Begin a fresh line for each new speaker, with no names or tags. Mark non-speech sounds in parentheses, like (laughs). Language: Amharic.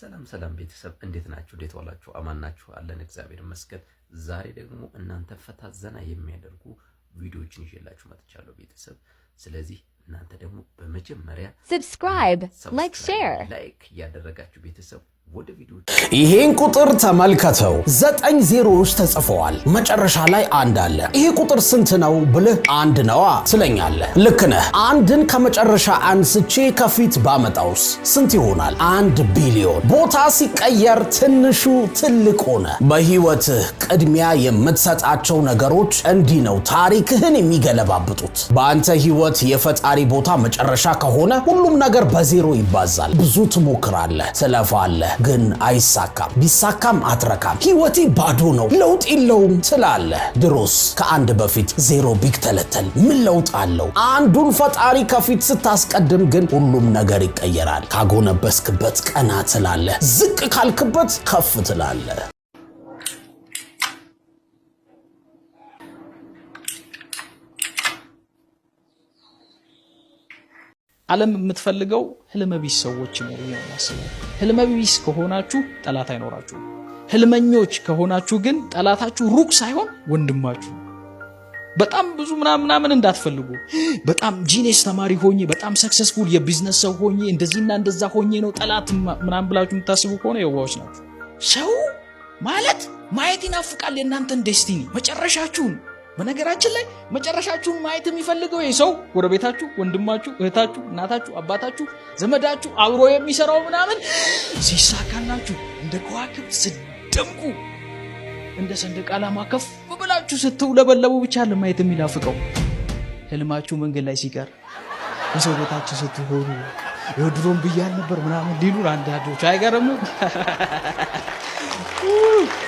ሰላም ሰላም ቤተሰብ እንዴት ናችሁ? እንዴት ዋላችሁ? አማን ናችሁ? አለን እግዚአብሔር ይመስገን። ዛሬ ደግሞ እናንተ ፈታ ዘና የሚያደርጉ ቪዲዮዎችን ይዤላችሁ መጥቻለሁ ቤተሰብ። ስለዚህ እናንተ ደግሞ በመጀመሪያ
ሰብስክራይብ፣ ላይክ፣ ሼር
ላይክ እያደረጋችሁ ቤተሰብ
ይሄን ቁጥር ተመልከተው ዘጠኝ ዜሮዎች ተጽፈዋል። መጨረሻ ላይ አንድ አለ። ይሄ ቁጥር ስንት ነው ብልህ አንድ ነዋ ትለኛለህ። ልክ ነህ። አንድን ከመጨረሻ አንስቼ ከፊት ባመጣውስ ስንት ይሆናል? አንድ ቢሊዮን። ቦታ ሲቀየር ትንሹ ትልቅ ሆነ። በህይወትህ ቅድሚያ የምትሰጣቸው ነገሮች እንዲህ ነው ታሪክህን የሚገለባብጡት። በአንተ ህይወት የፈጣሪ ቦታ መጨረሻ ከሆነ ሁሉም ነገር በዜሮ ይባዛል። ብዙ ትሞክራለህ፣ ትለፋለህ ግን አይሳካም። ቢሳካም አትረካም። ህይወቴ ባዶ ነው ለውጥ የለውም ትላለህ። ድሮስ ከአንድ በፊት ዜሮ ቢክተለተል ምን ለውጥ አለው? አንዱን ፈጣሪ ከፊት ስታስቀድም ግን ሁሉም ነገር ይቀየራል። ካጎነበስክበት ቀና ትላለህ፣ ዝቅ ካልክበት ከፍ ትላለህ።
ዓለም የምትፈልገው ህልመቢስ ሰዎች ይኖሩ ነው ህልመቢስ ከሆናችሁ ጠላት አይኖራችሁ። ህልመኞች ከሆናችሁ ግን ጠላታችሁ ሩቅ ሳይሆን ወንድማችሁ። በጣም ብዙ ምናምን እንዳትፈልጉ። በጣም ጂኔስ ተማሪ ሆኜ በጣም ሰክሰስፉል የቢዝነስ ሰው ሆኜ እንደዚህና እንደዛ ሆኜ ነው ጠላት ምናም ብላችሁ የምታስቡ ከሆነ የዋዎች ናቸው ሰው ማለት ማየት ይናፍቃል። የእናንተን ደስቲኒ መጨረሻችሁን በነገራችን ላይ መጨረሻችሁን ማየት የሚፈልገው ይህ ሰው ጎረቤታችሁ፣ ወንድማችሁ፣ እህታችሁ፣ እናታችሁ፣ አባታችሁ፣ ዘመዳችሁ አብሮ የሚሰራው ምናምን ሲሳካላችሁ እንደ ከዋክብ ስደምቁ እንደ ሰንደቅ ዓላማ ከፍ ብላችሁ ስትውለበለቡ ብቻ ለማየት የሚናፍቀው ህልማችሁ መንገድ ላይ ሲቀር የሰው ቤታችሁ ስትሆኑ ይኸው ብያል ነበር ምናምን ሊሉን አንዳንዶች አይገርምም? (laughs)